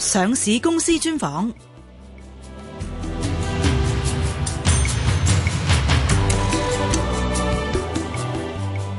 上市公司專訪。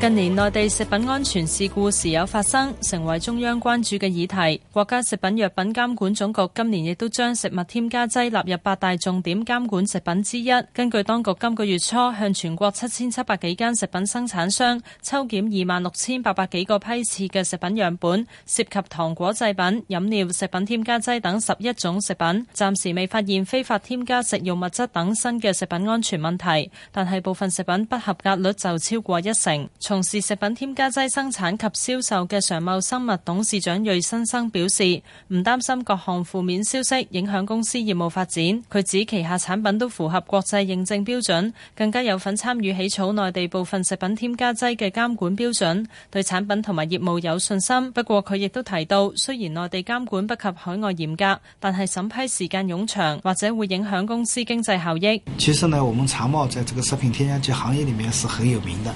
近年內地食品安全事故時有發生，成為中央關注嘅議題。國家食品藥品監管總局今年亦都將食物添加劑納入八大重點監管食品之一。根據當局今個月初向全國七千七百幾間食品生產商抽檢二萬六千八百幾個批次嘅食品樣本，涉及糖果製品、飲料、食品添加劑等十一種食品，暫時未發現非法添加食用物質等新嘅食品安全問題。但係部分食品不合格率就超過一成。從事食品添加劑生產及銷售嘅常茂生物董事長芮新生表示，唔擔心各項負面消息影響公司業務發展。佢指旗下產品都符合國際認證標準，更加有份參與起草內地部分食品添加劑嘅監管標準，對產品同埋業務有信心。不過，佢亦都提到，雖然內地監管不及海外嚴格，但係審批時間冗長，或者會影響公司經濟效益。其實呢，我們常茂在這個食品添加劑行業裏面是很有名的。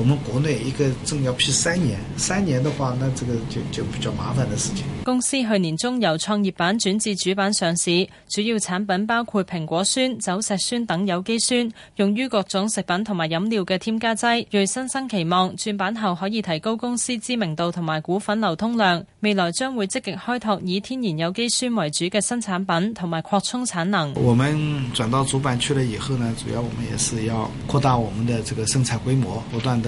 我們國內一個證要批三年，三年的話，那這個就就比較麻煩的事情。公司去年中由創業板轉至主板上市，主要產品包括蘋果酸、酒石酸等有機酸，用於各種食品同埋飲料嘅添加劑。芮新生期望轉板後可以提高公司知名度同埋股份流通量，未來將會積極開拓以天然有機酸為主嘅新產品同埋擴充產能。我們轉到主板去了以後呢，主要我們也是要擴大我們的這個生產規模，不斷地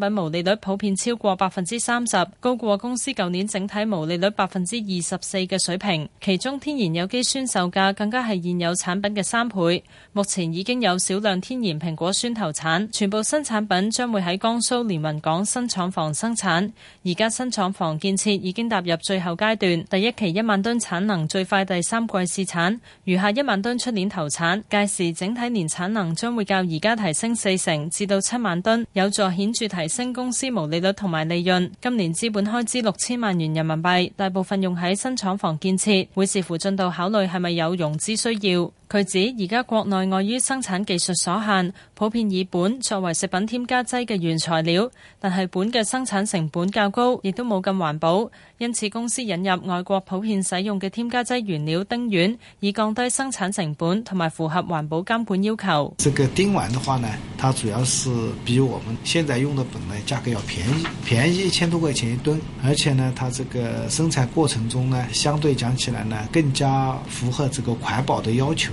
品毛利率普遍超過百分之三十，高過公司舊年整體毛利率百分之二十四嘅水平。其中天然有機酸售價更加係現有產品嘅三倍。目前已經有少量天然蘋果酸投產，全部新產品將會喺江蘇連雲港新廠房生產。而家新廠房建設已經踏入最後階段，第一期一萬噸產能最快第三季試產，餘下一萬噸出年投產。屆時整體年產能將會較而家提升四成，至到七萬噸，有助顯著提。新公司毛利率同埋利潤，今年資本開支六千萬元人民幣，大部分用喺新廠房建設，會視乎進度考慮係咪有融資需要。佢指而家國內礙於生產技術所限，普遍以苯作為食品添加劑嘅原材料，但係苯嘅生產成本較高，亦都冇咁環保。因此公司引入外國普遍使用嘅添加劑原料丁烷，以降低生產成本同埋符合環保監管要求。這個丁烷的話呢，它主要是比我們現在用的苯呢，價格要便宜，便宜一千多塊錢一噸，而且呢，它這個生產過程中呢，相對講起來呢，更加符合這個環保的要求。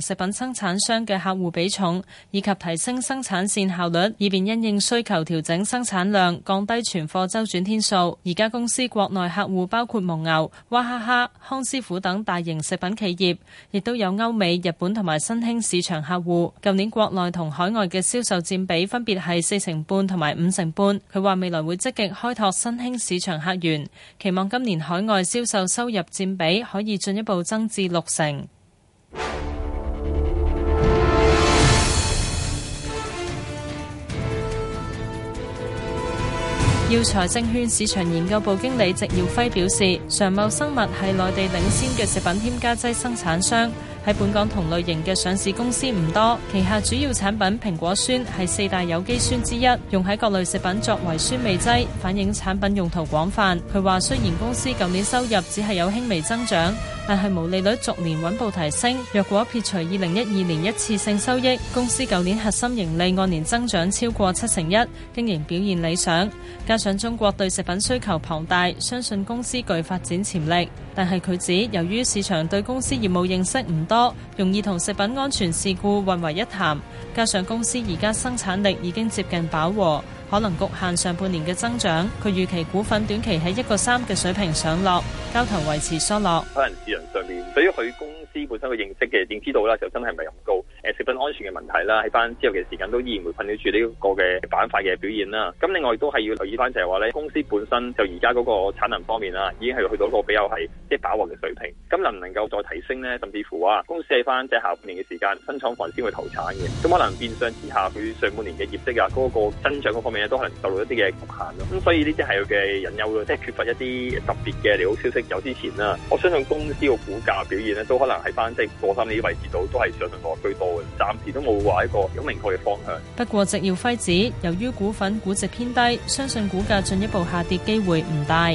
食品生產商嘅客戶比重，以及提升生產線效率，以便因應需求調整生產量，降低存貨周轉天數。而家公司國內客戶包括蒙牛、娃哈哈、康師傅等大型食品企業，亦都有歐美、日本同埋新興市場客戶。舊年國內同海外嘅銷售占比分別係四成半同埋五成半。佢話未來會積極開拓新興市場客源，期望今年海外銷售收入占比可以進一步增至六成。耀才證券市場研究部經理植耀輝表示，常茂生物係內地領先嘅食品添加劑生產商。喺本港同類型嘅上市公司唔多，旗下主要產品蘋果酸係四大有機酸之一，用喺各類食品作為酸味劑，反映產品用途廣泛。佢話雖然公司舊年收入只係有輕微增長，但係毛利率逐年穩步提升。若果撇除2012年一次性收益，公司舊年核心盈利按年增長超過七成一，經營表現理想。加上中國對食品需求龐大，相信公司具發展潛力。但係佢指由於市場對公司業務認識唔多。容易同食品安全事故混為一談，加上公司而家生產力已經接近飽和，可能局限上半年嘅增長。佢預期股份短期喺一個三嘅水平上落。交投維持疏落，可能市場上面對於佢公司本身嘅認識嘅認知度咧就真係唔係咁高。誒，食品安全嘅問題啦，喺翻之後嘅時間都依然會困擾住呢個嘅板塊嘅表現啦。咁另外亦都係要留意翻就係話咧，公司本身就而家嗰個產能方面啦，已經係去到一個比較係即係飽和嘅水平。咁能唔能夠再提升咧？甚至乎啊，公司喺翻即係下半年嘅時間新廠房先會投產嘅。咁可能變相之下，佢上半年嘅業績啊，嗰個增長嗰方面咧，都可能受到了一啲嘅局限咯。咁所以呢啲係佢嘅隱憂咯，即係缺乏一啲特別嘅利好消息。有之前啦，我相信公司個股價表現咧，都可能係翻即係過三年位置度，都係上上落最多嘅。暫時都冇話一個有明確嘅方向。不過，謝耀輝指，由於股份估值偏低，相信股價進一步下跌機會唔大。